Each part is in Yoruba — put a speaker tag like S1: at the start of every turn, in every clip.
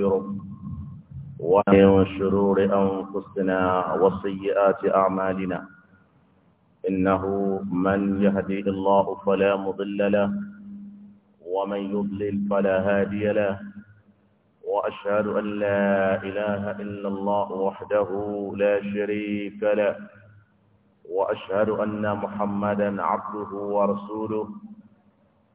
S1: نستغفره ومن شرور أنفسنا وسيئات أعمالنا إنه من يهدي الله فلا مضل له ومن يضلل فلا هادي له وأشهد أن لا إله إلا الله وحده لا شريك له وأشهد أن محمدا عبده ورسوله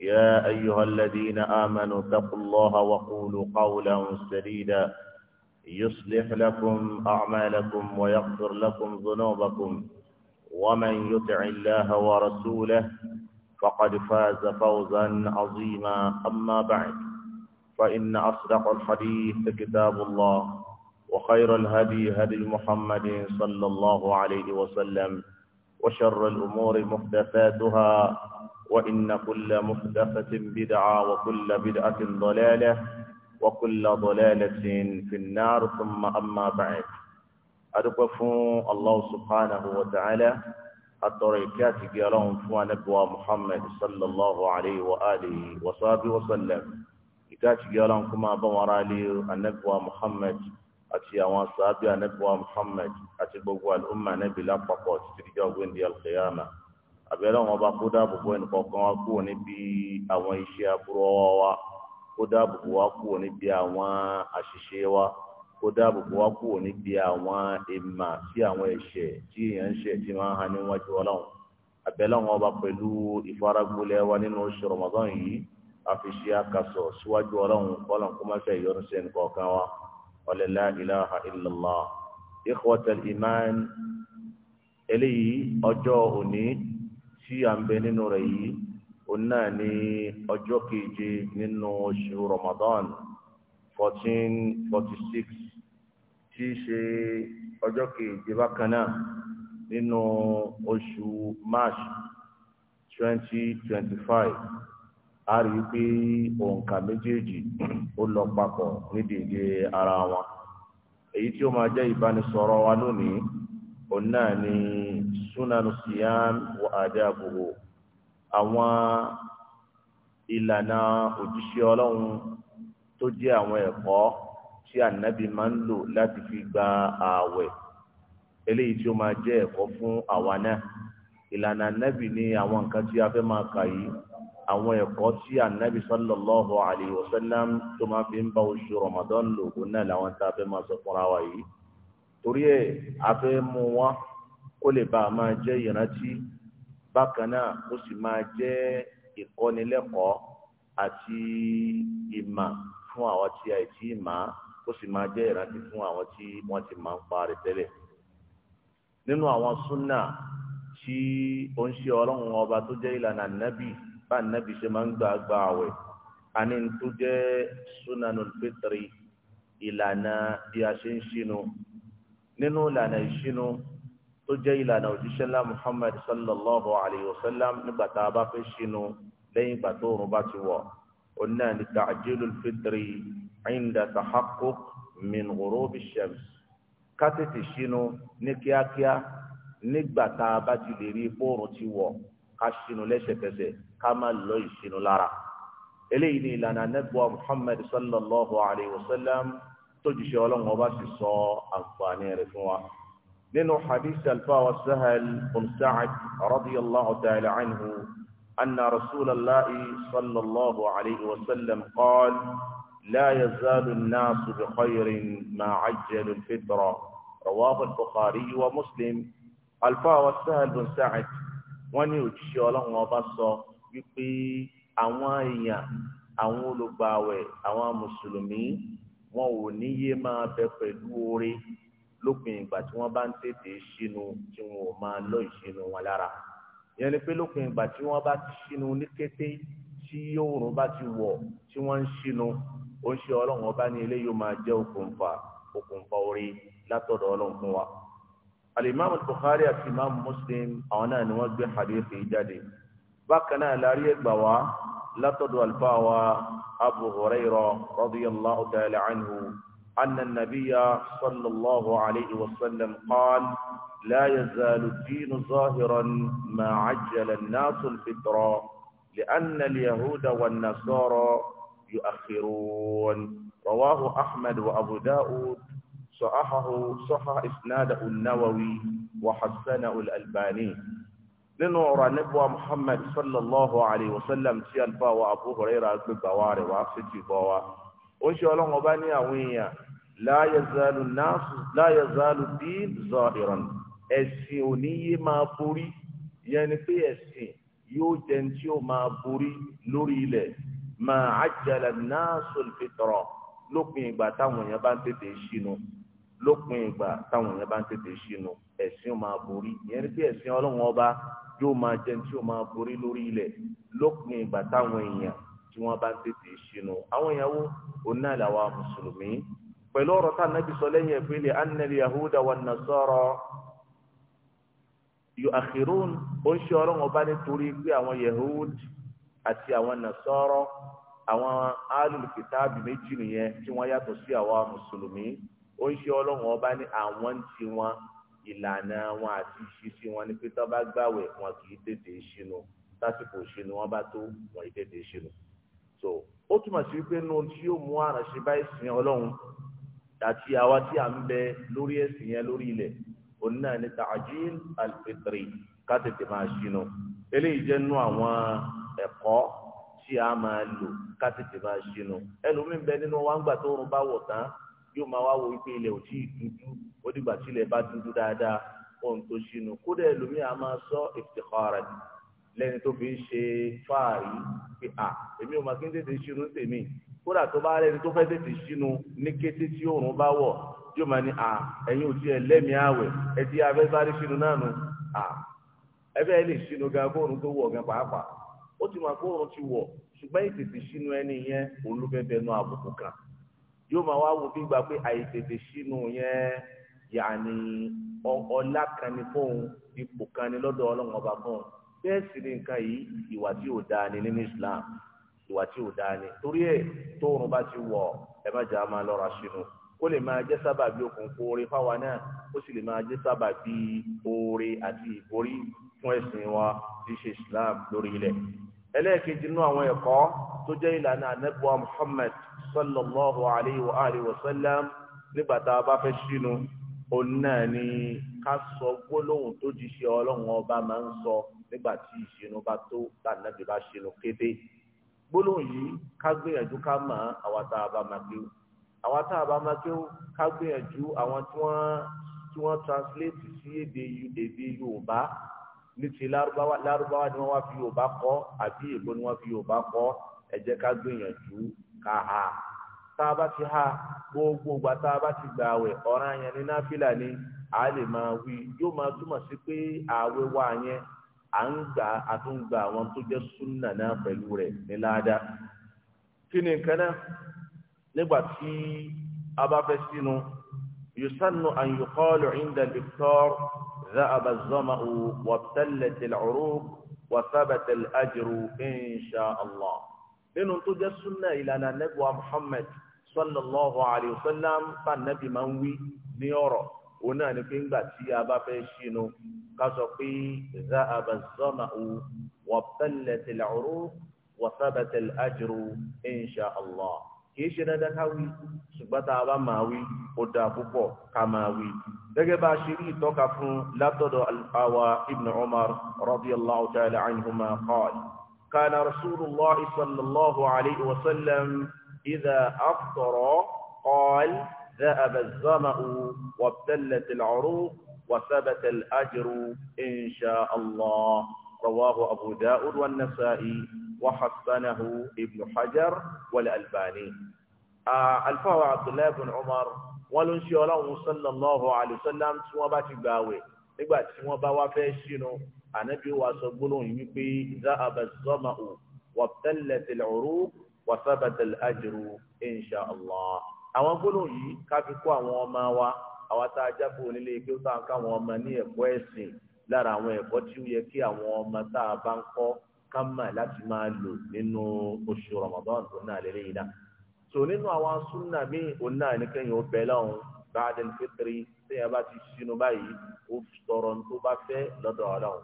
S1: يا أيها الذين آمنوا اتقوا الله وقولوا قولا سديدا يصلح لكم أعمالكم ويغفر لكم ذنوبكم ومن يطع الله ورسوله فقد فاز فوزا عظيما أما بعد فإن أصدق الحديث كتاب الله وخير الهدي هدي محمد صلى الله عليه وسلم وشر الأمور محدثاتها وإن كل محدثة بدعة وكل بدعة ضلالة وكل ضلالة في النار ثم أما بعد أدقف الله سبحانه وتعالى الطريقات قالهم فوانبوا محمد صلى الله عليه وآله وصحبه وسلم إتاج قالهم كما بورا لي النبوة محمد أتي أوان صحابي النبوة محمد أتي بقوى الأمة نبي لا فقط تتجاوز القيامة àbẹ̀rẹ̀ wọn bá kó dáàbò bo ẹnìkọ̀ọ̀kan wa kúrò níbi àwọn iṣẹ́ aburú ọwọ́ wa kó dáàbò bo wa kúrò níbi àwọn àṣìṣe wa kó dáàbò bo wa kúrò níbi àwọn èèmà sí àwọn ẹ̀ṣẹ̀ tí èèyàn ń ṣẹ̀ tí máa ń ha níwájú ọlọ́run àbẹ̀rẹ̀ wọn bá pẹ̀lú ìfaragbólẹ̀ wa nínú oṣù Ramadan yìí àfiṣe akasọ̀ síwájú ọlọ́run kọ́lọ̀n kó má fẹ́ ìyọnu sí tí a ń bẹ nínú rẹ̀ yìí òun náà ní ọjọ́ keje nínú oṣù Ramadan fourteen forty six tí í ṣe ọjọ́ keje bákan náà nínú oṣù March twenty twenty five a rí i pé òǹkà méjèèjì ó lọ papọ̀ ní dèdè ara wọn èyí tí ó máa jẹ́ ìbánisọ̀rọ̀ wa lónìí. òun náà ni sunanu siyam wa adabuhu àwọn ìlànà òjíṣẹ́ ọlọ́run tó jẹ́ àwọn ẹ̀kọ́ tí ànábì máa ń lò láti fi gba ààwẹ̀ eléyìí tí ó máa jẹ́ ẹ̀kọ́ fún àwa náà ìlànà ànábì ni àwọn nǹkan tí a fẹ́ máa kà yìí àwọn ẹ̀kọ́ tí ànábì sallallahu alayhi wa sallam tó máa fi ń bá oṣù Ramadan lò òun náà làwọn tá a fẹ́ máa sọ fúnra wa yìí torí ẹ̀ afẹ́ mú wọn kó lè bá a máa jẹ́ ìrántí bákan náà ó sì máa jẹ́ ìkọ́nilẹ́kọ̀ọ́ àti ìmà fún àwọn tí a ti mà á ó sì máa jẹ́ ìrántí fún àwọn tí wọ́n ti máa ń pa rẹ̀ tẹ́lẹ̀ nínú àwọn súnà tí ó ń ṣe ọlọ́run ọba tó jẹ́ ìlànà nábì bá nábì ṣe máa ń gbà gba àwẹ̀ àní tó jẹ́ súnà nulfitri ìlànà bí a ṣe ń ṣinu nínú ìlànà ìṣínú tó jẹ́ ìlànà òjíṣẹ́ ńlá Muhammad sallallahu alayhi wa sallam nígbà tá a bá fẹ́ ṣínú lẹ́yìn ìgbà tó oòrùn bá ti wọ̀ òun náà ni ta'jilu al-fitri inda tahaqquq min ghurub ash-shams ká tètè ṣínú ní kíákíá nígbà tá a bá ti lè rí oòrùn ti wọ̀ ká ṣínú lẹ́sẹ̀kẹsẹ̀ ká má lọ ìṣínú lára eléyìí ni ìlànà nẹ́gbọ́ Muhammad sallallahu alayhi wa sallam tójúṣe ọlọ́run ọba sì sọ àǹfààní rẹ̀ fún wa. nínú hadith alfawa sahel bin sa'ad radiyallahu ta'ala anhu anna rasulallahi sallallahu alayhi wa sallam qaal la yazalu an-nasu bi khayrin ma ajjalu al-fitra rawahu al-bukhari wa muslim alfawa sahel bin sa'ad wọ́n ní òjúṣe ọlọ́run ọba sọ wípé àwọn wọn ò ní yé máa bẹ pẹ̀lú oore lópin ìgbà tí wọ́n bá ń tètè ṣínú tí wọn ò máa lọ ìṣínú wọn lára ìyẹn ni pé lópin ìgbà tí wọ́n bá ti ṣínú ní kété tí oòrùn bá ti wọ̀ tí wọ́n ń ṣínú ó ń ṣe ọlọ́run ọba ní ilé yóò máa jẹ́ okùnfà okùnfà orí látọ̀dọ̀ ọlọ́run fún wa. alimami Bukhari àti imam Muslim àwọn náà ni wọ́n gbé hadith yìí jáde bákan náà lárí ẹgbàá wa لطد الفاوى أبو هريرة رضي الله تعالى عنه أن النبي صلى الله عليه وسلم قال لا يزال الدين ظاهرا ما عجل الناس الفطر لأن اليهود والنصارى يؤخرون رواه أحمد وأبو داود صححه صحح إسناده النووي وحسنه الألباني nínú ọ̀rọ̀ anábíwá muhammad sallallahu alayhi wa sallam tí albawa abu huraira gbé gbà wá rẹ̀ wá sí ti bọ́ wa ó ṣe ọlọ́run ọba ní àwọn èèyàn la yazalu dín zahiran ẹ̀sìn oníyé máa borí yẹn ni pé ẹ̀sìn yóò jẹ́ ní tí ó máa borí lórí ilẹ̀ máa ajala nasul fitra lópin ìgbà táwọn èèyàn bá ń tètè ṣínú lópin ìgbà táwọn èèyàn bá ń tètè ṣínú ẹ̀sìn máa borí yẹn pé ẹ̀sìn ọlọ́run ọba yóò máa jẹ tí yóò máa borí lórí ilẹ̀ lópin ìgbà táwọn èèyàn tí wọ́n bá ń tètè ṣinú àwọn ìyàwó onáà làwọn mùsùlùmí pẹ̀lú ọ̀rọ̀ tá nàbì sọ lẹ́yìn ẹ̀fọ́ ilẹ̀ annal yahuda wa nasara yu'akhirun ó ń ṣe ọlọ́run ọba nítorí pé àwọn yahud àti àwọn nasara àwọn alùpùpùtàbí méjì nìyẹn tí wọ́n yàtọ̀ sí àwa mùsùlùmí ó ń ṣe ọlọ́run ọba ní àwọn tiwọn ìlànà wọn àti ìṣesí wọn ni pé tó bá gbàwẹ̀ wọn kì í tètè ṣinú lásìkò ìṣinú wọn bá tó wọn kì tètè ṣinú. so ó túmọ̀ sí wípé nínú tí yóò mú àràṣe bá ìsìn ọlọ́run àti àwa tí à ń bẹ lórí ẹ̀sìn yẹn lórí ilẹ̀ òun náà ni ta'jil al-fitri ká tètè máa ṣinú eléyìí jẹ́ nú àwọn ẹ̀kọ́ tí a máa lò ká tètè máa ṣinú ẹlòmíín bẹ nínú wa tó ń bá wọ̀ tán yóò máa wá wo wípé ilẹ̀ ò tí ó dìgbà tí ilẹ̀ bá dúdú dáadáa ohun tó ṣinú kódà ẹlòmíì a máa sọ ìfìkọ́rẹ̀ lẹ́ni tó fi ń ṣe fáàrí pé à èmi ò máa kí n tètè ṣinú tèmi kódà tó bá rẹni tó fẹ́ tètè ṣinú ní kété tí oòrùn bá wọ̀ yóò máa ní à ẹ̀yin ò tiẹ̀ lẹ́mìí àwẹ̀ ẹ ti abẹ́sáré ṣinú náà nu à ẹbẹ́ ẹ lè ṣinú gan fóònù tó wọ̀ gan pàápàá ó ti máa fóònù ti wọ̀ ṣùgbọ́n ìtètè ṣinú ẹni yẹn olúfẹ́fẹ́ nu àbùkù kan yóò máa wá wo bí gba pé àìtètè ṣinú yẹn yàní ọlá kan ni fóun ipò kan ni lọ́dọ̀ ọlọ́run ọba fóun bẹ́ẹ̀ sì ni nǹkan yìí ìwà tí ò dáa ni nínú Islam ìwà tí ò dáa ni torí ẹ̀ tóorun bá ti wọ̀ ẹ má jà á máa lọ́ra sínú ó lè máa jẹ́ sábà bí okùn kóore fáwa náà ó sì lè máa jẹ́ sábà bí oore àti ìborí fún ẹ̀sìn wa tí ṣe Islam lórí ilẹ̀ ẹlẹ́ẹ̀kejì nínú àwọn ẹ̀kọ́ tó jẹ́ ìlànà anábùwà Muhammad sallallahu alayhi wa sallam nígbà tá a bá fẹ́ sínú òun náà ni ká sọ gbólóhùn tó di ṣe ọlọ́run ọba máa ń sọ nígbà tí ìṣinú bá tó tànàbí bá ṣinú kété gbólóhùn yìí ká gbìyànjú ká mọ̀ àwa tá a bá máa kéwù àwa tá a bá máa kéwù ká gbìyànjú àwọn tí wọ́n tí wọ́n translate sí èdè èdè Yorùbá ní ti Lárúbáwá Lárúbáwá ni wọ́n wá fi Yorùbá kọ àbí èbó ni wọ́n fi Yorùbá kọ ẹ jẹ́ ká gbìyànjú ká ha tá a bá ti ha gbogbo ìgbà tá a bá ti gbà àwẹ̀ ọ̀ràn yẹn ní náfìlà ni a lè máa wí yóò máa túmọ̀ sí pé àwẹ̀ wa yẹn à ń gbà a tún gba àwọn tó jẹ́ súnà náà pẹ̀lú rẹ̀ ní ládàá. kí ni nǹkan náà nígbà tí a bá fẹ́ sínú yusannu an yuqalu inda al-iftar dhahaba az-zama'u wabtallat al-'uruq wa thabata al-ajru insha Allah. nínú tó jẹ́ súnà ìlànà nẹ́gbọ̀ Muhammad sallallahu alayhi wa sallam bá nàbì máa ń wí ní ọ̀rọ̀ òun náà ni pé ńgbà tí a bá fẹ́ ṣínú ká sọ pé zahaba az-zama'u wa tallat al-'urub wa thabata al-ajru insha allah kì í ṣe dandan ká wí ṣùgbọ́n tá a bá máa wí ó dáa púpọ̀ ká máa wí. gẹ́gẹ́ bá a ṣe rí ìtọ́ka fún látọ̀dọ̀ àwa ibn umar radiyallahu ta'ala anhuma qala kana rasulullah sallallahu alayhi wa sallam. إذا أفطر قال ذهب الظمأ وابتلت العروق وثبت الأجر إن شاء الله رواه أبو داود والنسائي وحسنه ابن حجر والألباني الفاوى عبد الله بن عمر ولن شاء الله صلى الله عليه وسلم ثم باتي باوي nígbà tí wọ́n bá wá fẹ́ ṣínú ànábì wa sọ وابتلت العروق wasabata al-ajru insha allah àwọn gbólóhùn yìí ká fi kó àwọn ọmọ wa àwa tá a jábọ̀ onílé kí ó tá a ká àwọn ọmọ ní ẹ̀kọ́ ẹ̀sìn lára àwọn ẹ̀kọ́ tí ó yẹ kí àwọn ọmọ tá a bá ń kọ́ ká mà láti máa lò nínú oṣù Ramadan tó náà lélẹ́ yìí náà so nínú àwọn súnà míì òun náà nìkẹyìn ó bẹ lọ́hùn báadẹ́lì fitiri tẹ́yà bá ti sinú báyìí ó tọrọ tó bá fẹ́ lọ́dọ̀ Ọlọ́hun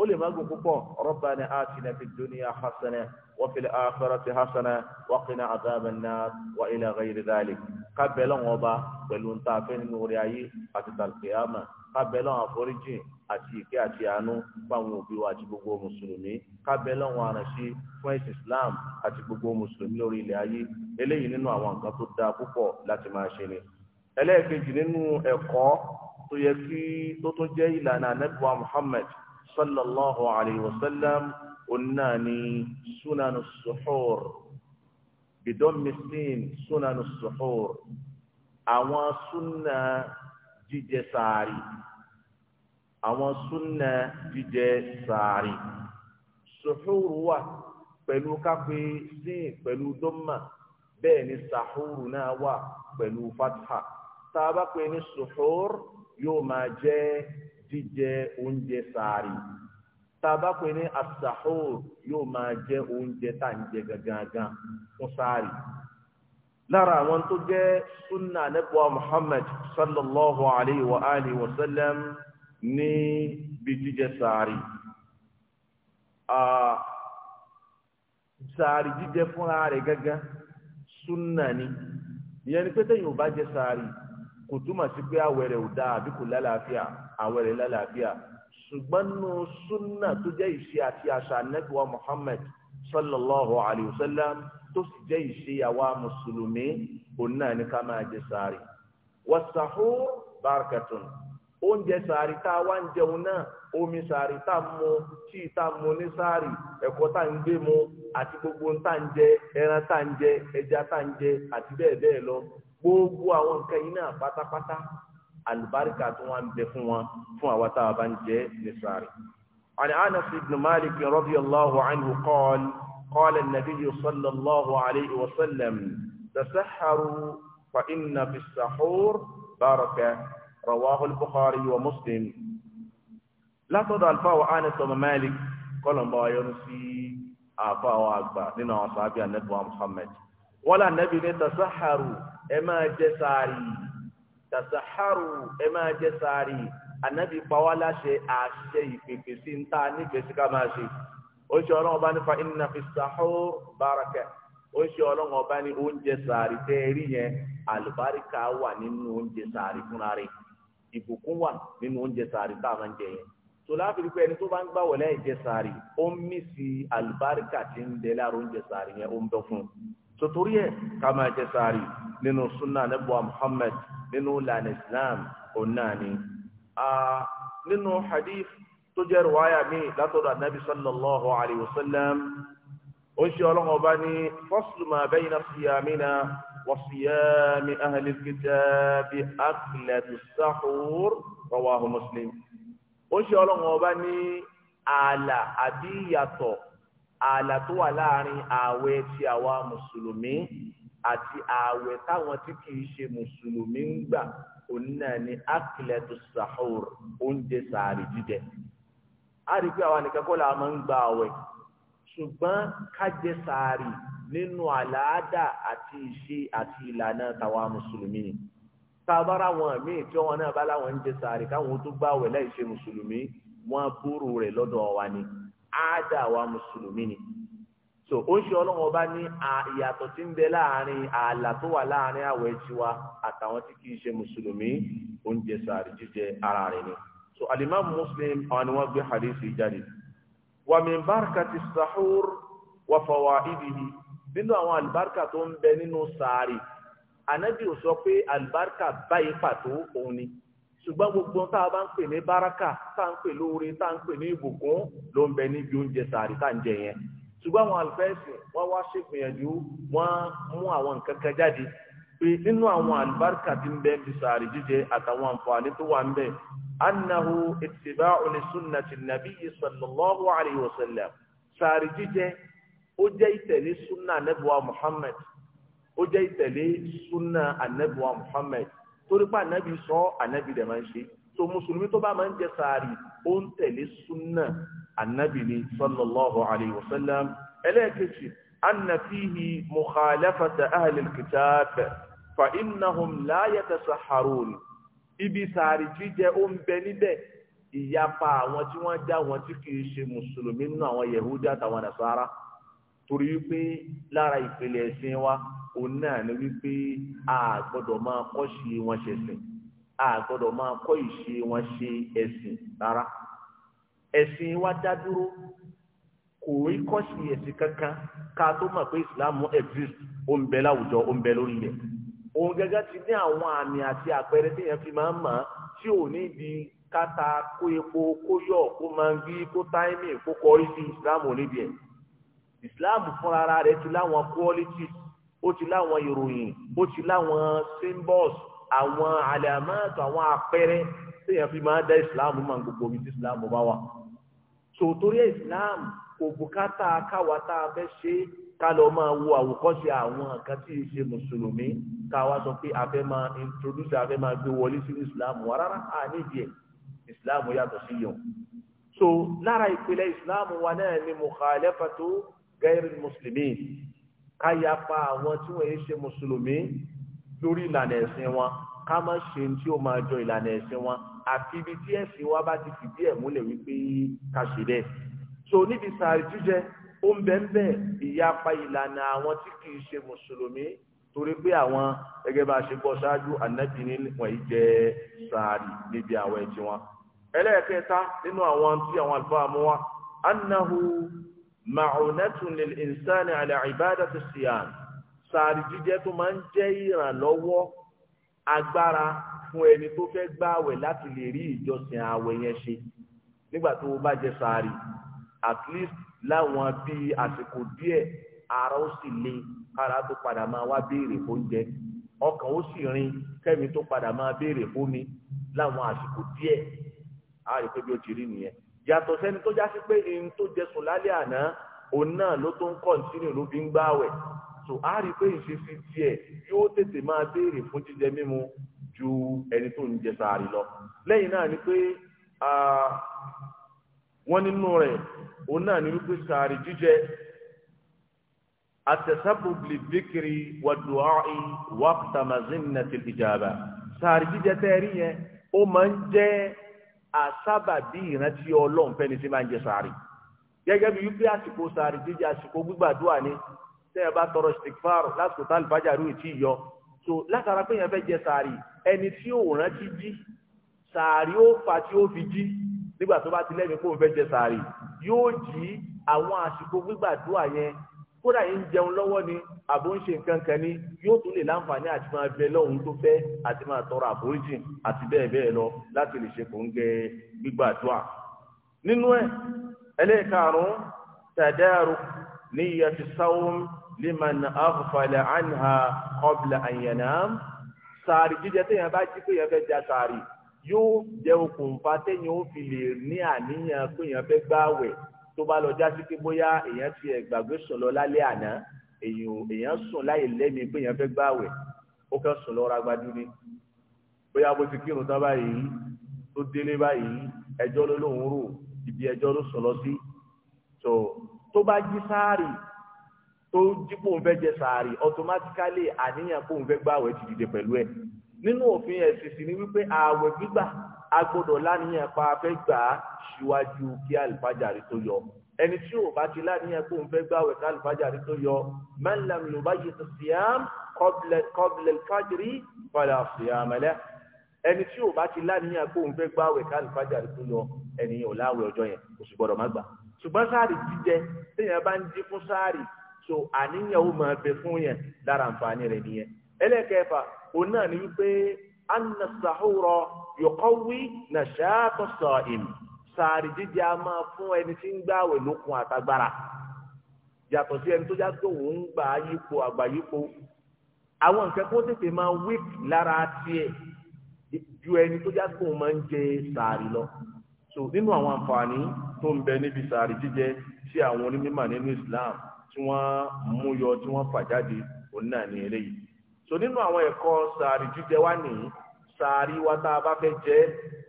S1: ó lè má gùn púpọ̀ rabbana atina fid dunya hasana wa fil akhirati hasana wa qina adhaban nar wa ila ghayri dhalik kábẹ́ lọ́wọ́ ọba pẹ̀lú ntá fẹ́ nínú orí ayé àti tàlùkìyàmà kábẹ́ lọ́wọ́ àforíjìn àti ìkẹ́ àti àánú fáwọn òbí wa àti gbogbo mùsùlùmí kábẹ́ lọ́wọ́ àránṣẹ́ fún ẹ̀sìn Islam àti gbogbo mùsùlùmí lórí ilẹ̀ ayé eléyìí nínú àwọn nǹkan tó dáa púpọ̀ láti máa ṣe ni. ẹlẹ́ẹ̀kejì nínú ẹ̀kọ́ tó yẹ kí tó tún jẹ́ ìlànà anábìwá Muhammad sallallahu alayhi wa sallam onáà ní sunanu suhur bidon misin sunanu suhur àwọn sunna jíjẹ sàárì àwọn súnà jíjẹ sàárì sùhúrù wà pẹ̀lú kápẹ́ sí pẹ̀lú dọ́mà bẹ́ẹ̀ ni sàhúrù náà wà pẹ̀lú fatha tá a bá pè ní sùhúrù yóò máa jẹ́ jíjẹ oúnjẹ sàárì tàbá pé ní asahur yóò máa jẹ oúnjẹ tá à ń jẹ gangan fún sàárì lára àwọn tó jẹ sunna nebua muhammad sallallahu alayhi wa alihi wa sallam ní bí jíjẹ sàárì sàárì jíjẹ fúnra rẹ̀ gangan sunna ni ìyẹn ni pé téèyàn bá jẹ sàárì kò túmọ̀ sí pé àwẹ̀ rẹ̀ ò da àbí kò lálàáfíà àwẹ̀ rẹ̀ lálàáfíà ṣùgbọ́n nù súnà tó jẹ́ ìṣe àti àṣà nẹ́gbẹ̀wá Muhammad sallallahu alayhi wa sallam tó sì jẹ́ ìṣe àwa mùsùlùmí òun náà ní ká máa jẹ sààrì wasahur barakatun oúnjẹ sààrì tá a wá ń jẹun náà omi sààrì tá a mu tíì tá a mu ní sààrì ẹ̀kọ́ tá a ń gbé mu àti gbogbo tá a ń jẹ ẹran tá a ń jẹ ẹja tá a ń jẹ àti bẹ́ẹ̀ bẹ́ẹ̀ lọ gbogbo àwọn nǹkan yìí náà pátápátá àlùbáríkà tó wà ń bẹ fún wọn fún àwa tá a bá ń jẹ nísàárì. عن انس بن مالك رضي الله عنه قال قال النبي صلى الله عليه وسلم تسحروا فان في السحور بركه رواه البخاري ومسلم لا تضع الفاء انس بن مالك قال ما ينسي افاء اكبر لنا اصحاب النبي محمد wọ́n là nẹ́bí ní tasaharu ẹ máa jẹ sàárì tasaharu ẹ máa jẹ sàárì ànábì pa wá láṣẹ àṣẹ ìpèpè sí ń ta nífẹ̀ẹ́ sí ká máa ṣe oṣù ọlọ́run ọba nípa inna fi sahur baraka oṣù ọlọ́run ọba ní oúnjẹ sàárì tẹ́ ẹ rí yẹn àlùbáríkà wà nínú oúnjẹ sàárì fúnra rẹ̀ ìbùkún wà nínú oúnjẹ sàárì tá a máa ń jẹ yẹn tòlá fi pé ẹni tó bá ń gbà wọlé ẹ̀jẹ̀ sàárì ó ń mí sí àlùbáríkà tí ń bẹ láàrú oúnjẹ sàárì yẹn ó ń bẹ fún un sotori yẹ ká máa jẹ sààrì nínú sunna nebo muhammed nínú lana islam onani aa nínú hadith tó jẹ́ riwaya mi látọ̀dọ̀ anabi sallallahu alayhi wa sallam ó ṣe ọlọ́wọ́ bá ní faslu ma bayna siyamina wa siyami ahli kitabi aklatu sahur rawahu muslim ó ṣe ọlọ́wọ́ bá ní ààlà àbí ààlà tó wà láàrin ààwẹ̀ ti àwa mùsùlùmí àti ààwẹ̀ táwọn tí kìí ṣe mùsùlùmí ń gbà òun náà ni akilẹ̀tù sahur oúnjẹ sàárì jíjẹ. a rí i pé àwa nìkan kọ́ la máa ń gba ààwẹ̀ ṣùgbọ́n ká jẹ sàárì nínú àlàáda àti ìṣe àti ìlànà tàwa mùsùlùmí tábára wọn míì tí wọn náà bá láwọn ń jẹ sàárì káwọn tó gbààwẹ̀ láì ṣe mùsùlùmí wọn búrú rẹ̀ lọ́dọ̀ wa ni. Ada wa mùsùlùmí ni so ó ṣe ọlọ́run ọba ní ìyàtọ̀ tí ń bẹ láàrin ààlà tó wà láàrin àwẹ̀ tiwa àtàwọn tí kì í ṣe mùsùlùmí oúnjẹ sààrì jíjẹ ara rẹ̀ ni so alimami muslim àwọn ni wọ́n gbé hadisi jáde wa min barakati sahur wa fawaidihi nínú àwọn alibarika tó ń bẹ nínú sààrì anabi ò sọ pé alibarika báyìí pàtó òun ni ṣùgbọ́n gbogbo tá a bá ń pè ní báràkà tá a ń pè lóore tá a ń pè ní ìbùkún ló ń bẹ níbi oúnjẹ sàárì tá a ń jẹ yẹn ṣùgbọ́n àwọn àlùfẹ́ẹ̀sì wọ́n wá ṣègbìyànjú wọ́n mú àwọn nǹkan kan jáde pé nínú àwọn àlùbáríkà tí ń bẹ bí sàárì jíjẹ àtàwọn àǹfààní tó wà ń bẹ annahu ittiba'u li sunnati nabiyyi sallallahu alayhi wa sallam sàárì jíjẹ ó jẹ́ ìtẹ̀lé sunna anabiwa muhammad ó jẹ́ ìtẹ̀lé sunna anabiwa muhammad torí pé ànábì sọ ànábì rẹ̀ máa ń ṣe so mùsùlùmí tó bá máa ń jẹ sàárì ó ń tẹ̀lé súnà ànábì ni sallallahu alayhi wa sallam ẹlẹ́ẹ̀kejì anna fihi mukhalafata ahli alkitab fa innahum ibi sàárì jíjẹ ó ń bẹ níbẹ̀ ìyapa àwọn tí wọ́n já wọn tí kì í ṣe mùsùlùmí nínú àwọn yahudi àtàwọn nasara torí wípé lára ìpele ẹ̀sìn wa òun náà ni wípé a gbọ́dọ̀ máa kọ́ ṣe wọn ṣẹ̀sìn a gbọ́dọ̀ máa kọ́ ìṣe wọn ṣe ẹ̀sìn rárá ẹ̀sìn wa dá dúró kò rí kọ́ ṣe kankan ká tó mọ̀ pé ìsìlámù exist ó ń bẹ láwùjọ ó ń bẹ lórí ilẹ̀ òun gẹ́gẹ́ ti ní àwọn àmì àti àpẹẹrẹ téèyàn fi máa ń mọ̀ tí ò ní di káta kó epo kó yọ̀ kó mangi kó táìmì kó kọrí sí ìsìlámù oníbi ẹ̀ islam fúnra ara rẹ̀ ti láwọn qualities ó ti láwọn ìròyìn ó ti láwọn symbols àwọn àlàmọ́tò àwọn àpẹẹrẹ téèyàn fi máa ń islam mọ̀ gbogbo ibi tí islam bá wà sòtórí islam kò bùkátà káwa tá a fẹ́ ṣe ká lọ máa wo àwòkọ́ṣe àwọn nǹkan tí ì ṣe mùsùlùmí káwa sọ pé a fẹ́ máa introduce a fẹ́ máa gbé wọlé sí islam wa rárá a nídìí ẹ̀ islam yàtọ̀ sí yẹn so lára ìpìlẹ̀ islam wa náà ni mukhalafatu gẹ́rì mùsùlùmí ká yapa àwọn tí wọ́n yé ṣe mùsùlùmí lórí ìlànà ẹ̀sìn wọn ká má ṣe tí ó máa jọ ìlànà ẹ̀sìn wọn àti ibi tí ẹ̀sìn wa bá ti fìdí ẹ̀ múlẹ̀ wípé ká ṣe dẹ̀. so níbi sàárì jíjẹ ó ń bẹ́ẹ̀ bẹ́ẹ̀ ìyapa ìlànà àwọn tí kì í ṣe mùsùlùmí torí pé àwọn gẹ́gẹ́ bá a ṣe gbọ́ ṣáájú ànábì ní wọ̀nyí jẹ sàárì níbi àwọn ẹ̀jẹ̀ wọn. ẹlẹ́ẹ̀kẹta nínú àwọn tí àwọn àlùfáà mú wa annahu ma'unatun lil insani ala ibadati siyam sààrì jíjẹ tó máa ń jẹ́ ìrànlọ́wọ́ agbára fún ẹni tó fẹ́ gbààwẹ̀ láti lè rí ìjọsìn ààwẹ̀ yẹn ṣe nígbà tó o bá jẹ sààrì at least láwọn bíi àsìkò díẹ̀ ara ó sì le kára tó padà máa wá béèrè fóúnjẹ ọkàn ó sì rin kẹ́mi tó padà máa béèrè fómi láwọn àsìkò díẹ̀ á pé bí ó ti rí nìyẹn yàtọ̀ sẹ́ni tó já sí pé ihun tó jẹ sùn lálẹ́ àná òun náà ló tó ń kọ́ńtínú ló fi ń gbáwẹ̀ so a rí i pé ìṣesí tiẹ̀ yóò tètè máa béèrè fún jíjẹ mímu ju ẹni tó ń jẹ sààrì lọ lẹ́yìn náà ni pé wọ́n nínú rẹ̀ òun náà ni wípé sààrì jíjẹ atẹ̀sábùb lè bíkiri wà dùhàì wà tàmazínà tìlìjàbà sààrì jíjẹ tẹ́ rí yẹn ó máa ń jẹ́ àsábàbí ìrántí ọlọ́run fẹ́ni tí máa ń jẹ sàárì gẹ́gẹ́ bí wípé àsìkò sàárì jíjẹ àsìkò gbígbàdúrà ni tẹ́ ẹ bá tọrọ stikfar lásìkò tá àlùfájà ìtì yọ so látara pé yẹn fẹ́ jẹ sàárì ẹni tí ò rántí jí sàárì ó fa tí ó fi jí nígbà tó bá ti lẹ́mìí pé òun fẹ́ jẹ sàárì yóò jí àwọn àsìkò gbígbàdúrà yẹn kódà yìí ń jẹun lọ́wọ́ ni àbò ń ṣe nǹkan kan ni yóò tún lè láǹfààní àti máa bẹ lọ́hùn tó fẹ́ àti máa tọrọ àforíjì àti bẹ́ẹ̀ bẹ́ẹ̀ lọ láti lè ṣe kòńgẹ́ gbígbàdúrà. nínú ẹ̀ ẹlẹ́ẹ̀karùn-ún tàdáàrú ní yàtí sáwọn liman aghfala anha qabla an yanam sàárì jíjẹ téèyàn bá jí pé yẹn fẹ́ ja sàárì yóò jẹ okùnfà téèyàn ó fi lè ní àníyàn pé fẹ́ gbáwẹ̀ tó bá lọ jásí pé bóyá èèyàn ti ẹ̀gbàgbé sùn lọ lálẹ́ àná èèyàn sùn láyè lẹ́mìí pé èèyàn fẹ́ gbààwẹ̀ ó kàn sùn lọ ragbadú bóyá bó ti kírun tán báyìí tó délé báyìí ẹjọ́ ló lóun rò ibi ẹjọ́ ló sùn lọ sí tó tó bá jí sáàrì tó jí pòun fẹ́ jẹ sáàrì automatically àníyàn pòun fẹ́ gbààwẹ̀ ti dìde pẹ̀lú ẹ̀ nínú òfin ẹ̀sìn sì ni wípé ààwẹ̀ gbígbà a gbọ́dọ̀ láníyàn pa afẹ́ gbà á síwájú kí àlùfájàrí tó yọ ẹni tí ò bá ti láníyàn kó ń fẹ́ gbààwẹ̀ ká àlùfájàrí tó yọ man lam yubayyit as-siyam qabla al-fajri fala siyama lahu ẹni tí ò bá ti láníyàn kó ń fẹ́ gbààwẹ̀ ká àlùfájàrí tó yọ ẹni ò láwẹ̀ ọjọ́ yẹn kò sì gbọ́dọ̀ má gbà ṣùgbọ́n sáàrì jíjẹ téèyàn bá ń jí fún sáàrì so àníyàn ó máa bẹ fún yẹn lára àǹfààní rẹ̀ nìyẹn ẹlẹ́kẹ̀ẹ́fà yòókọ́wí nàṣàtọ̀ sọ̀ìm sàárì jíjẹ a máa fún ẹni tí ń gbààwẹ̀ lókun àtagbára yàtọ̀ sí ẹni tó já tó òun gbà á yípo àgbà yípo àwọn nǹkan kó tètè máa wík lára tiẹ̀ ju ẹni tó já tó máa ń jẹ sàárì lọ so nínú àwọn àǹfààní tó ń bẹ níbi sàárì jíjẹ tí àwọn onímọ̀ nínú Islam tí wọ́n mú yọ tí wọ́n fà jáde òun náà ní eléyìí so nínú àwọn ẹ̀kọ́ sàárì jíjẹ wá nìyí sàárì wa tá a bá fẹ́ jẹ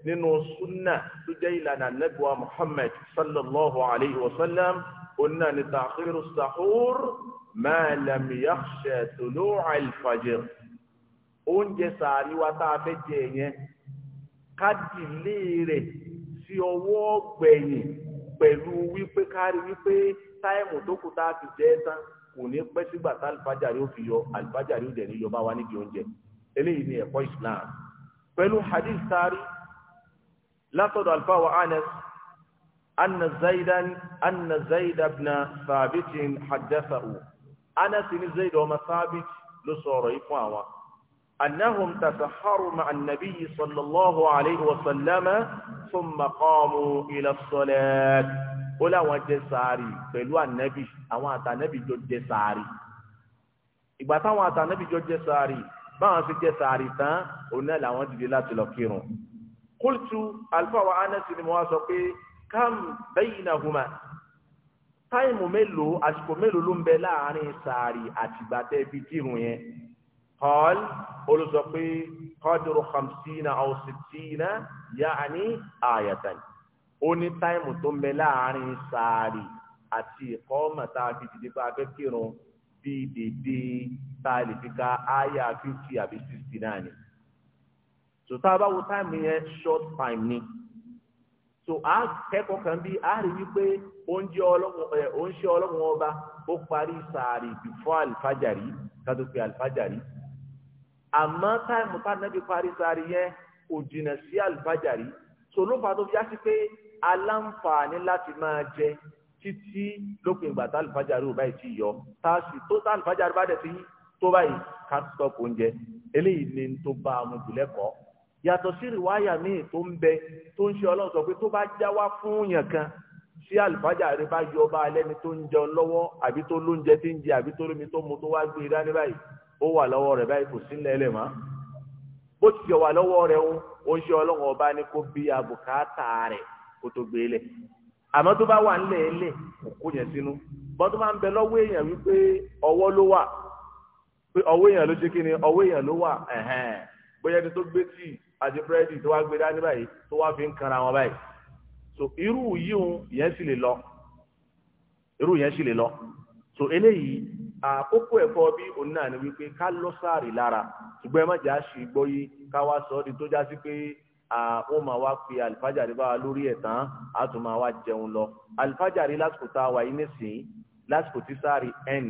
S1: nínú súnà tó jẹ́ ìlànà nẹ́gbọ́ Muhammad sallallahu alayhi wa sallam oníná ní ta'khiru sahur ma lam yakhsha tulu'al fajr oúnjẹ sàárì wa tá a fẹ́ jẹ yẹn ká dìlé rẹ̀ sí ọwọ́ gbẹ̀yìn pẹ̀lú wípé kárí wípé táìmù tó kù tá a fi jẹ tán kò ní pẹ́ sígbà tá alifájà yóò fi yọ alifájà yóò dẹ̀ ní yọba wa nídìí oúnjẹ eléyìí ni ẹ̀kọ́ Islam pẹ̀lú hadith tari látọ̀dọ̀ alfawa anas anna zaidan anna zaida bna sabitin haddathahu anas ni zaida ọmọ sabit ló sọ̀rọ̀ yìí fún àwọn annahum tasaharu ma annabi sallallahu alayhi wa sallama thumma qamu ila salat ó láwọn jẹ sàárì pẹ̀lú ànábì àwọn àtànábì jọ jẹ sàárì ìgbà táwọn àtànábì jọ jẹ sàárì báwọn ti jẹ sàárì tán òun náà làwọn dìde láti lọ kírun kóòtù àlùfáà wa Anas ni mo wá sọ pé kam baynahuma táìmù mélòó àsìkò mélòó ló ń bẹ láàrin sàárì àtìgbà tẹ ibi kírun yẹn hall olùsọ pé kọdùrú hamsina ọsìtìna yaani ayatan ó ní táìmù tó ń bẹ láàrin sàárì àti ìkọ́ mọ̀tà àti ìdìbò abẹ́kírun bí dèdè tá a lè fi ka aya fifty àbí sixty náà so tá a bá wo táìmù yẹn short time ni so a kẹ́kọ̀ọ́ kan bí a rí wípé oúnjẹ ọlọ́run ọba ó parí sàárì before alifájàrí kátó pé alifájàrí àmọ́ táìmù tánàbí parí sàárì yẹn kò jìnnà sí alifájàrí so ló fà tó fi á sí pé aláǹfààní láti máa jẹ títí lópin ìgbà tá alifájàre ò báyìí ti yọ tá a sì tó tá alifájàre bá dẹ̀ ti tó báyìí ká stop oúnjẹ eléyìí ni tó bá a mú jùlẹ̀ kọ́ yàtọ̀ sí rìwáyà míì tó ń bẹ tó ń ṣe ọlọ́run sọ pé tó bá já wá fún yàn kan tí alifájàre bá yọ ọba alẹ́ni tó ń jẹun lọ́wọ́ àbí tó lóúnjẹ tí ń jẹ àbí tó lómi tó mu tó wá gbé e dání báyìí ó wà lọ́wọ́ rẹ̀ báyìí kò sí nílẹ̀ mọ́ bó ti jọ wà lọ́wọ́ rẹ̀ ń ó ń ṣe ọlọ́run ọba ni kó bí abùkátà rẹ̀ kó tó gbé e lẹ̀ àmọ́ tó bá wà ńlẹ̀ ẹlẹ̀ kò yẹn sínú bọ́n tó máa ń bẹ lọ́wọ́ èèyàn wípé ọwọ́ ló wà pé ọwọ́ èèyàn ló ṣe kí ni ọwọ́ èèyàn ló wà bóyá ẹni tó gbé tíì àti búrẹ́dì tó wá gbé dání báyìí tó wá fi ń kanra wọn báyìí so irú yíyún yẹn sì lè lọ irú yẹn sì lè lọ so eléyìí àkókò ẹ̀kọ́ bí òun náà ni wípé ká lọ sáàrì lára ṣùgbọ́n ẹ má jà á ṣì ká wá sọ ọ́ di tó já pé wọ́n máa wá fi àlìfájàrí bá wa lórí ẹ̀ tán á tún máa wá jẹun lọ àlìfájàrí lásìkò tá a wà yín nísìnyí lásìkò tí sáàrì end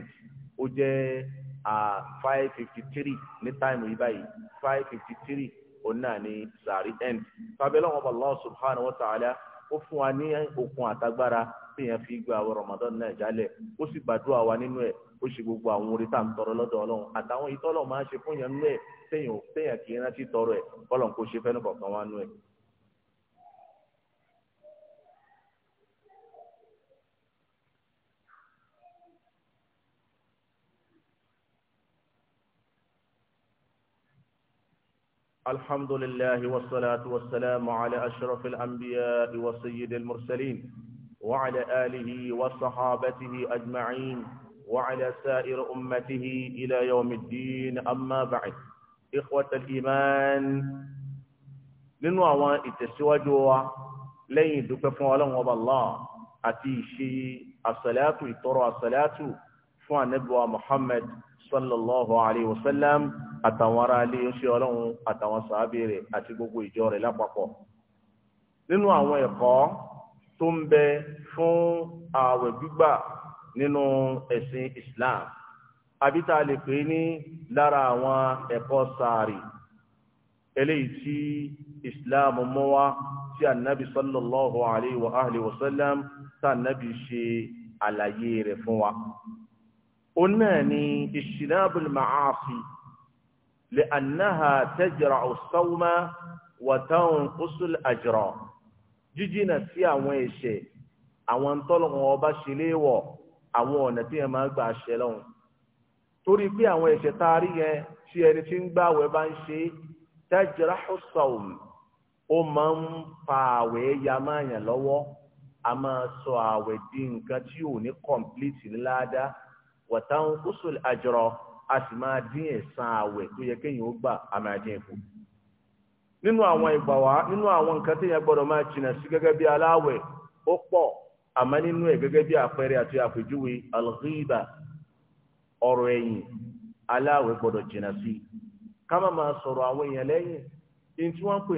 S1: ó jẹ́ five fifty three ní táìmù yìí báyìí five fifty three òun náà ní sáàrì end fàbẹ́lẹ́ wọn bá Allah subhanahu wa ta'ala ó fún wa ní okun àtagbára téèyàn fi gba àwọn Ramadan náà jálẹ̀ ó sì gbàdúrà wa nínú ẹ̀ ó ṣe gbogbo àwọn orí tá à ń tọrọ lọ́dọ̀ Ọlọ́run àtàwọn ìtọ́lọ̀ máa ń ṣe fún yẹn nínú ẹ̀ téèyàn kì í rántí tọrọ ẹ̀ Ọlọ́run kò ṣe fẹ́nu kọ̀ọ̀kan wá nínú ẹ̀ الحمد لله والصلاة والسلام على أشرف الأنبياء وسيد المرسلين وعلى آله وصحابته أجمعين وعلى سائر أمته إلى يوم الدين أما بعد إخوة الإيمان لنوعوا التسواجوا لين دكفوا لهم الله أتيشي الصلاة يطروا الصلاة فعن محمد صلى الله عليه وسلم àtàwọn ará ilé oṣù ọlọ́run àtàwọn sàábì rẹ̀ àti gbogbo ìjọ rẹ̀ lápapọ̀ nínú àwọn ẹ̀kọ́ tó ń bẹ fún ààwẹ̀ gbígbà nínú ẹ̀sìn Islam àbí tá a lè pè ní lára àwọn ẹ̀kọ́ sàárì eléyìí tí Islam mú wá tí anabi sallallahu alayhi wa alayhi wa sallam tá anabi ṣe àlàyé rẹ̀ fún wa. ó náà ní ìṣìnàbùl màáfi. لأنها تجرع الصوم وتنقص الأجر jíjìnà sí àwọn ẹ̀ṣẹ̀ àwọn ntọ́lọ́wọ́n ọba ṣe léèwọ̀ àwọn ọ̀nà tí yẹn máa gbà ṣẹ lọ́hùn torí pé àwọn ẹ̀ṣẹ̀ tá a rí yẹn tí ẹni tí ń gbà wẹ̀ bá ń ṣe tajrahu sawm ó máa ń fa àwẹ̀ ya máa yàn lọ́wọ́ a máa sọ àwẹ̀ di nǹkan tí ò ní kọ̀m̀plìtì ńláadá wa tanqusul ajra a sì máa dín ẹ̀san àwẹ̀ tó yẹ kéèyàn ó gbà a máa dín ẹ̀kú. nínú àwọn ìgbà wá nínú àwọn nǹkan téèyàn gbọ́dọ̀ máa jìnnà sí gẹ́gẹ́ bí aláwẹ̀ ó pọ̀ àmọ́ nínú ẹ̀ gẹ́gẹ́ bí àpẹẹrẹ àti àpèjúwe alghiba ọ̀rọ̀ ẹ̀yìn aláwẹ̀ gbọ́dọ̀ jìnnà sí i ká má máa sọ̀rọ̀ àwọn èèyàn lẹ́yìn tí wọ́n ń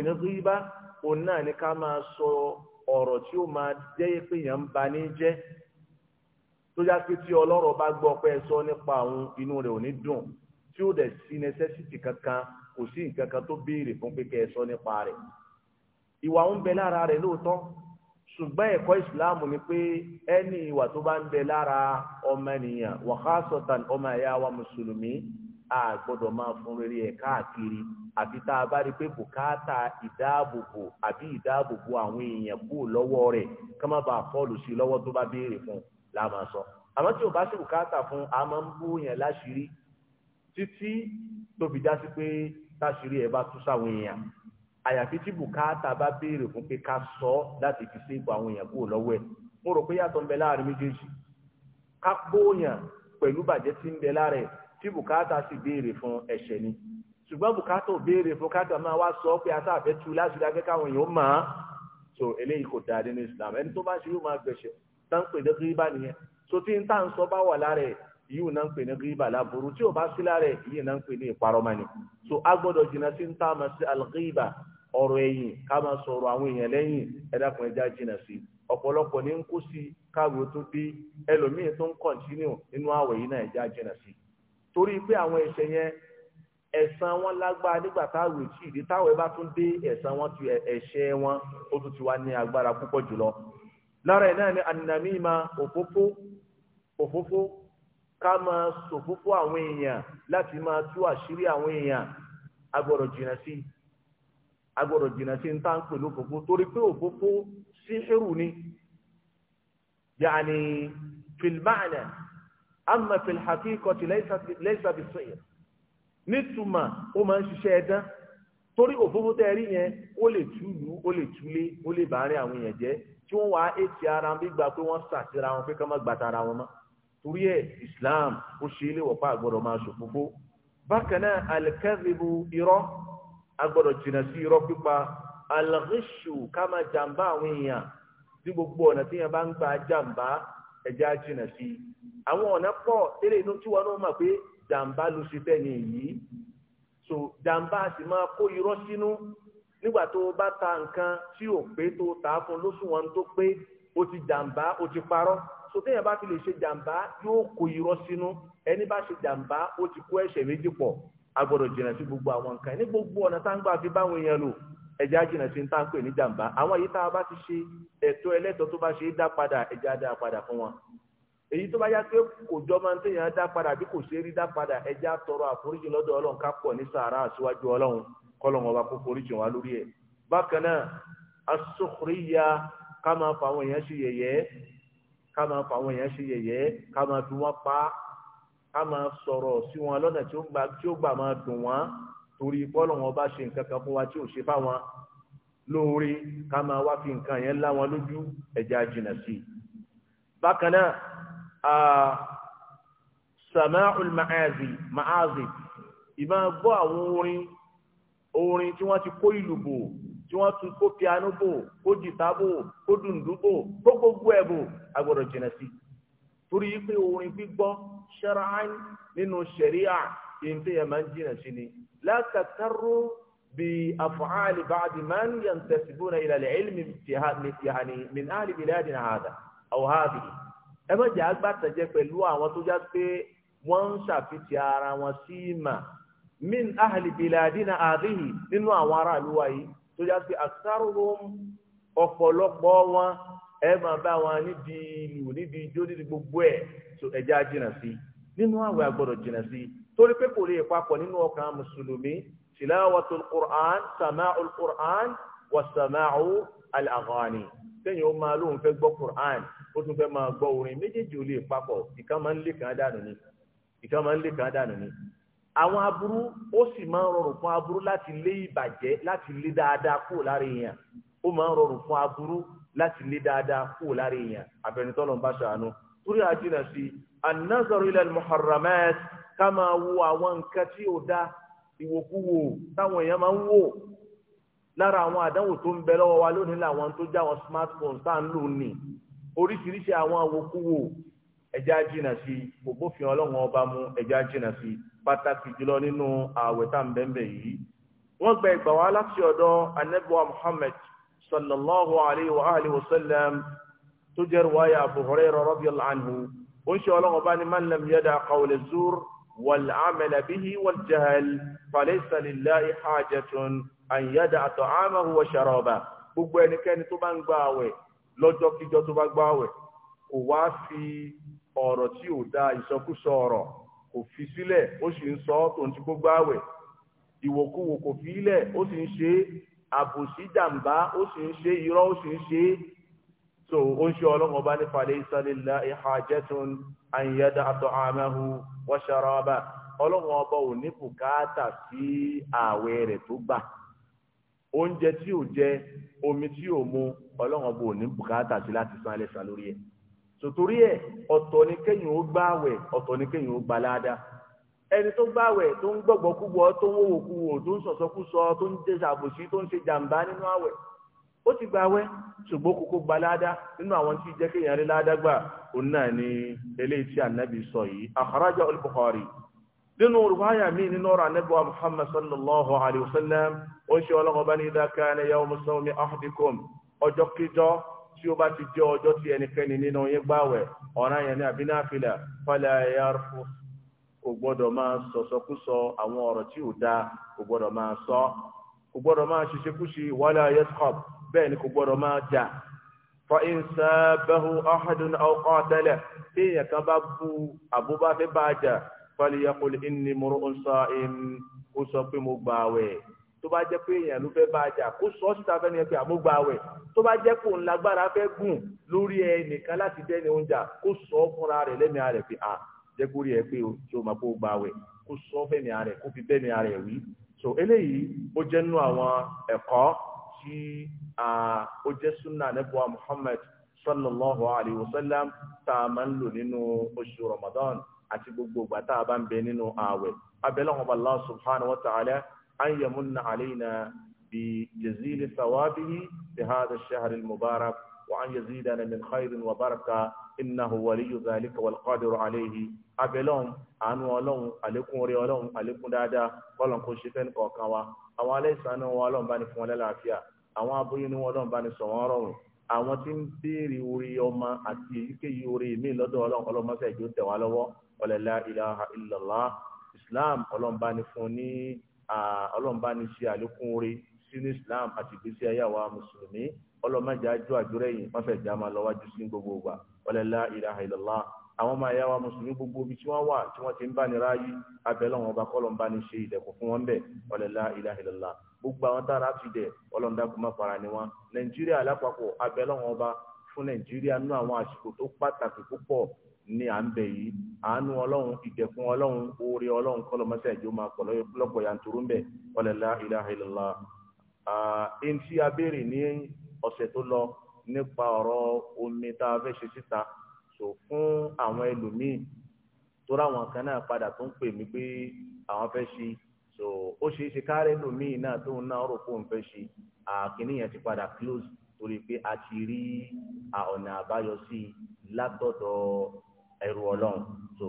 S1: pè ní tó yá pé tí ọlọ́rọ̀ bá gbọ́ pé ẹ sọ nípa àwọn inú rẹ̀ ò ní dùn tí ó dẹ̀ sí necessity kankan kò sí nǹkan kan tó béèrè fún pé kẹ́ ẹ sọ nípa rẹ̀ ìwà ń bẹ lára rẹ̀ lóòótọ́ ṣùgbọ́n ẹ̀kọ́ ìsìláàmù ni pé ẹni ìwà tó bá ń bẹ lára ọmọ ènìyàn wàhásọ̀tàn ọmọ ẹ̀yà wa mùsùlùmí a gbọ́dọ̀ máa fún rere ẹ̀ káàkiri àfi tá a bá rí pé bùkátà ìdáàbòbò àbí ìdáàbòbò àwọn èèyàn kú lọ́wọ́ rẹ̀ ká má bàa fọ́ọ̀lù sí lọ́wọ́ tó bá béèrè fún un la máa sọ àmọ́ tí o bá sì bùkátà fún a máa ń bú yẹn láṣìírí títí tó fi já sí pé táṣìírí ẹ bá tú sáwọn èèyàn àyàfi tí bùkátà bá béèrè fún pé ká sọ láti fi séèkù àwọn èèyàn kúrò lọ́wọ́ ẹ̀ mo rò pé yàtọ̀ ń bẹ láàrin méjèèjì ká bóyàn pẹ̀lú bàjẹ́ tí ń bẹ lára ẹ̀ tí bùkátà sì béèrè fún ẹ̀ṣẹ̀ ni ṣùgbọ́n bùkátà ò béèrè fún káàtà máa wá sọ pé asáàfẹ́ tu láṣìírí akẹ́kọ̀ọ́ àwọn èèyàn máa so eléyìí kò dáa nínú Islam ẹni tó bá ṣe yóò máa gbẹ̀ṣẹ̀ na ń pè ní gíríbà nìyẹn so tí n tá ń sọ bá wà lára ẹ̀ yíò náà ń pè ní gíríbà láburú tí ò bá sí lára ẹ̀ yi náà ń pè ní ìparọ́mọ́ni so a gbọ́dọ̀ jìnnà sí ń tá a máa sí algíríbà ọ̀rọ̀ ẹ̀yìn ká máa sọ̀rọ̀ àwọn èèyàn lẹ́yìn ẹ̀dàkùn ẹja jìnnà sí ọ̀pọ̀lọpọ̀ ní ń kó sí káàrò tó dé ẹlòmíì tó ń kọ̀ntínú nínú lára ẹ̀ náà ni ànàmíma òfófó òfófó ká máa sòfófó àwọn èèyàn láti máa tú àṣírí àwọn èèyàn agbọ́dọ̀ jìnnà sí agbọ́dọ̀ jìnnà sí ń tán pẹ̀lú òfófó torí pé òfófó sí irú ni yàní fìlmáànà àmà fìlhàkíkọ̀tì lẹ́sà bí sèyìn nítumọ̀ ó máa ń ṣiṣẹ́ ẹ̀dán torí òfófó tẹ́ rí yẹn ó lè túlù ó lè túlé ó lè àwọn tí wọ́n wá ètì ara wọn bí gbà pé wọ́n sàtìra wọn pé ká má gbàtà ara wọn mọ́ torí ẹ̀ Islam ó ṣe ilé wọ̀pá àgbọ̀dọ̀ máa ṣòfófó bákan náà alikẹ́rìbù irọ́ agbọ́dọ̀ jìnnà sí irọ́ pípa alaghishu ká máa jàǹbá àwọn èèyàn tí gbogbo ọ̀nà tí yẹn bá ń gba jàǹbá ẹja jìnnà sí àwọn ọ̀nà pọ̀ tẹ́lẹ̀ inú tí wọn náà mọ̀ pé jàǹbá ló ṣe tẹ̀ ní èyí so jàǹbá sì máa kó irọ́ sínú nígbà tó o bá ta nǹkan tí ò pé tó o tà á fún lóṣùwọ̀n tó pé o ti jàǹbá o ti parọ́ so téèyàn bá fi lè ṣe jàǹbá yóò kó irọ́ sínú ẹni bá ṣe jàǹbá ó ti kó ẹ̀ṣẹ̀ méjì pọ̀ a gbọ́dọ̀ jìnnà sí gbogbo àwọn nǹkan ní gbogbo ọ̀nà tá ń gbà fi báwọn èèyàn lò ẹja jìnnà sí tá ń pè ní jàǹbá àwọn èyí tá a bá ti ṣe ẹ̀tọ́ ẹlẹ́tọ́ tó bá ṣe dá padà ẹja dá padà fún wọn èyí tó bá yá pé kò jọ máa ń téèyàn dá padà bí kò ṣe é rí dá padà ẹja tọrọ àforíjì lọ́dọ̀ ọlọ́run ká pọ̀ ní sàárà síwájú ọlọ́run kọ́lọ́mù ọba kó forí jìn wá lórí ẹ̀ bákan náà asokoriya ká máa fa àwọn èèyàn ṣe yẹ̀yẹ́ ká máa fa àwọn èèyàn ṣe yẹ̀yẹ́ ká máa fi wọ́n pa ká máa sọ̀rọ̀ sí wọn lọ́nà tí ó gbà tí ó gbà máa dùn wọ́n torí kọ́lọ́mù ọba ṣe nǹkan kan fún wa tí ò ṣe fáwọn lóore ká máa wá fi nǹkan yẹn lá wọn lójú ẹ̀já jìnnà sí i bákan náà sama'ul ma'azi ma'azi ìbá gbọ́ àwọn orin orin tí wọ́n ti kó ìlù bò tí wọ́n tún kó piano bò kó jìtá bò kó dùndú bò kó gbogbo ẹ̀ bò a gbọ́dọ̀ jìnnà sí torí pé orin gbígbọ́ ṣẹ́ràn nínú ṣẹ̀ríà ìǹtẹ́ yẹn máa ń jìnnà sí ni látàtàrú bí àfọ̀hálì báàdì máa ń yàn tẹ̀síbó na ìlàlẹ̀ ẹ̀lìmí tìhání min áàlì bìláàdì náà hàdà àwọn hábì ẹ má jẹ́ àgbàtàjẹ́ pẹ̀lú àwọn tó já pé wọ́n ń ṣàfihàn ara wọn sí ìmà min ahli biladina àdìhì nínú àwọn aráàlú wa yìí tó yá sí àtàrùn ọ̀pọ̀lọpọ̀ wọn ẹ máa bá wọn níbi ìlú níbi ijó níbi gbogbo ẹ̀ tó ẹja jìnnà sí nínú àwẹ̀ àgbọ̀dọ̀ jìnnà sí torí pé kò lè papọ̀ nínú ọkàn mùsùlùmí tilawatul qur'an sama'ul qur'an wa sama'u al-aghani sẹ́yìn ó máa lóun fẹ́ gbọ́ qur'an ó tún fẹ́ máa gbọ́ orin méjèèjì ò lè papọ̀ ìkan ń lé kan dànù ni ìkan ń lé kan dànù ni àwọn aburú ó sì máa ń rọrùn fún aburú láti lé ìbàjẹ́ láti lé dáadáa kúrò lára èèyàn ó máa ń rọrùn fún aburú láti lé dáadáa kúrò lára èèyàn àfẹnitọ́nà bá ṣàánú torí àjìnà sí an-nazaru ila ká máa wo àwọn nǹkan tí ò dá ìwòkúwò táwọn èèyàn máa ń wò lára àwọn àdánwò tó ń bẹ lọ́wọ́ wa lónìí làwọn tó já àwọn smartphone tá à ń lò ní oríṣiríṣi àwọn àwòkúwò ẹ̀já jìnà sí òbófin ọlọ́run ọba mú ẹ̀já jìnà sí pàtàkì jùlọ nínú ààwẹ̀ tá à ń bẹ́ẹ̀ yìí wọ́n gba ìgbà wá láti ọ̀dọ̀ anabiwa muhammad sallallahu alayhi wa alihi wa sallam tó jẹ́ riwaya abu hurairah radiyallahu anhu ó ń ṣe ọlọ́run bá ní man lam yada qawla zur wal amala bihi wal jahl falaysa lillahi hajatun an yada ta'amahu wa sharaba gbogbo ẹnikẹ́ni tó bá ń gba àwẹ̀ lọ́jọ́ kíjọ́ tó bá gba àwẹ̀ kò wá fi ọ̀rọ̀ tí ò da ìsọkúsọ ọ̀rọ̀ kò fi sílẹ̀ ó sì ń sọ tó ń ti gbogbo àwẹ̀ ìwòkuwò kò fi ilẹ̀ ó sì ń ṣe àbòsí jàǹbá ó sì ń ṣe irọ́ ó sì ń ṣe so ó ń ṣe ọlọ́run ọba ní falẹ̀ ìsàlẹ̀lá hajatun an yada'a ta'amahu wa sharaba ọlọ́run ọba ò ní bùkátà sí ààwẹ̀ rẹ̀ tó gbà oúnjẹ tí ò jẹ omi tí ò mu ọlọ́run ọba ò ní bùkátà sí láti san ẹlẹ́sàn lórí ẹ̀ sòtòrí ẹ̀ ọ̀tọ̀ ni kéyìn ó gbààwẹ̀ ọ̀tọ̀ ni kéyìn ó gbà ládàá ẹni tó gbààwẹ̀ tó ń gbọ̀gbọ́ kúwọ́ tó ń wòwò kúwò tó ń sọ̀sọ́kúsọ tó ń jẹ́ sàbòsí tó ń ṣe jàǹbá nínú àwẹ̀ ó ti gbààwẹ̀ ṣùgbọ́n kókó gba ládàá nínú àwọn tí jẹ́ kéyìn rí ládàá gbà òun náà ni eléyìí tí ànábì sọ yìí àkàràjà al-Bukhari nínú rúwáyà míì nínú ọ̀rọ̀ ànábì wa Muhammad sallallahu alayhi wa sallam ó ṣe ọlọ́kọ̀ọ́bá tí ó bá ti jẹ́ ọjọ́ tí ẹnikẹ́ni nínú yín gbààwẹ̀ ọ̀ràn yẹn ní àbínáfilà fala yarfus kò gbọ́dọ̀ máa sọ̀sọ́kúsọ àwọn ọ̀rọ̀ tí ò dáa kò gbọ́dọ̀ máa sọ kò gbọ́dọ̀ máa ṣiṣẹ́kúṣe wala yaskhab bẹ́ẹ̀ ni kò gbọ́dọ̀ máa jà fa in sabahu ahadun aw qatala tí èèyàn bá bu àbúbá bá jà falyaqul inni tó bá jẹ́ pé èèyàn ló fẹ́ bá a jà kó sọ síta fẹ́ni ẹ̀fẹ́ àmúgbàwẹ̀ tó bá jẹ́ pé òun lágbára fẹ́ gùn lórí ẹnìkan láti dẹ́ni oúnjà kó sọ fúnra rẹ̀ lẹ́nu ara rẹ̀ pé à jẹ́ kó ẹ pé tí o máa kó gbàwẹ̀ kó sọ fẹ́ni ara rẹ̀ kó fi bẹ́ni ara rẹ̀ wí. so eléyìí ó jẹ́ nínú àwọn ẹ̀kọ́ tí ó jẹ́ sunna nebuwa Muhammad sallallahu alayhi wa sallam tá a máa ń lò nínú oṣù Ramadan àti gbogbo ìgbà tá a bá ń bẹ nínú ààwẹ̀ abẹ́lẹ́ أن يمن علينا بجزيل ثوابه في هذا الشهر المبارك وأن يزيدنا من خير وبركة إنه ولي ذلك والقادر عليه abẹ́lọ́hún àánú ọlọ́hún àlékún orí ọlọ́hún àlékún dáadáa bọ́lọ̀ kò ṣe fẹ́ni kọ̀ọ̀kan wa àwọn aláìsàn náà wọn ọlọ́hún bá ní fún wọn lálàáfíà àwọn aboyún ní wọn ọlọ́hún bá ní sọ wọn rọrùn àwọn tí ń béèrè orí ọmọ àti èyíkéyìí orí mi lọ́dọ̀ ọlọ́hún ọlọ́mọṣẹ́ ìjọ tẹ̀ wá lọ́wọ́ ọlẹ́lá ilaha illallah islam ọlọ́hún bá ní fún ní ọlọ́run bá ní ṣe àlékún orí sínú islam àti ìgbésí ayé àwa mùsùlùmí ọlọ́run májà jó àjọrẹ́ yìí wọ́n fẹ̀ẹ́ já máa lọ wájú sí gbogbo ìgbà ọlẹ́lá ilaha illallah àwọn ọmọ ẹ̀yà wa mùsùlùmí gbogbo ibi tí wọ́n wà tí wọ́n ti ń bá ní ráyé abẹ́lẹ́ wọn ọba kọ́lọ̀ ń bá ní ṣe ìdẹ̀kùn fún wọn bẹ́ẹ̀ ọlẹ́lá ilaha illallah gbogbo àwọn tára fi dẹ̀ ọlọ́run ni wọn àánú ọlọ́run ìdẹ̀kùn ọlọ́run oore ọlọ́run kọlọmọsẹ̀ ìjọ máa pọ̀ lọ́pọ̀ yanturu ń bẹ̀ ọlẹ́lá ilaha illallah. ẹni tí a béèrè ní ọ̀sẹ̀ tó lọ nípa ọ̀rọ̀ omi tá a fẹ́ ṣe síta sọ fún àwọn ẹlòmíì tó ráwọn kan náà padà tó ń pè mí pé àwọn fẹ́ ṣe so ó ṣeé ṣe káàrẹ́ lòmíì náà tóun náà rò fóun fẹ́ ṣe àkíní yẹn ti padà close torí pé a ti rí ọ̀nà àbáyọ sí i látọ̀dọ̀ ẹrù ọlọ́run so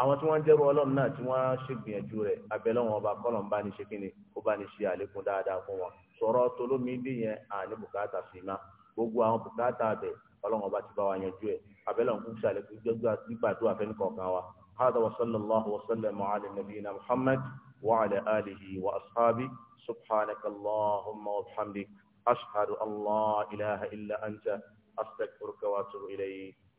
S1: àwọn tí wọ́n ń jẹ́rù ọlọ́run náà tí wọ́n ṣègbìyànjú rẹ̀ abẹ́lẹ́wọ̀n ọba kọ́lọ̀ ń bá ní ṣe kí ni ó bá ní ṣe àlékún dáadáa fún wọn sọ̀rọ̀ tolómi bí yẹn àní bùkátà sí ma gbogbo àwọn bùkátà bẹ̀ ọlọ́run ọba ti bá wa yanjú ẹ̀ abẹ́lẹ́wọ̀n kún ṣàlékún gbígbàdúrà fẹ́ni kọ̀ọ̀kan wa هذا وصلى الله وسلم على نبينا محمد وعلى آله وأصحابه سبحانك اللهم وبحمدك أشهد أن لا إله إلا أنت أستغفرك وأتوب إليك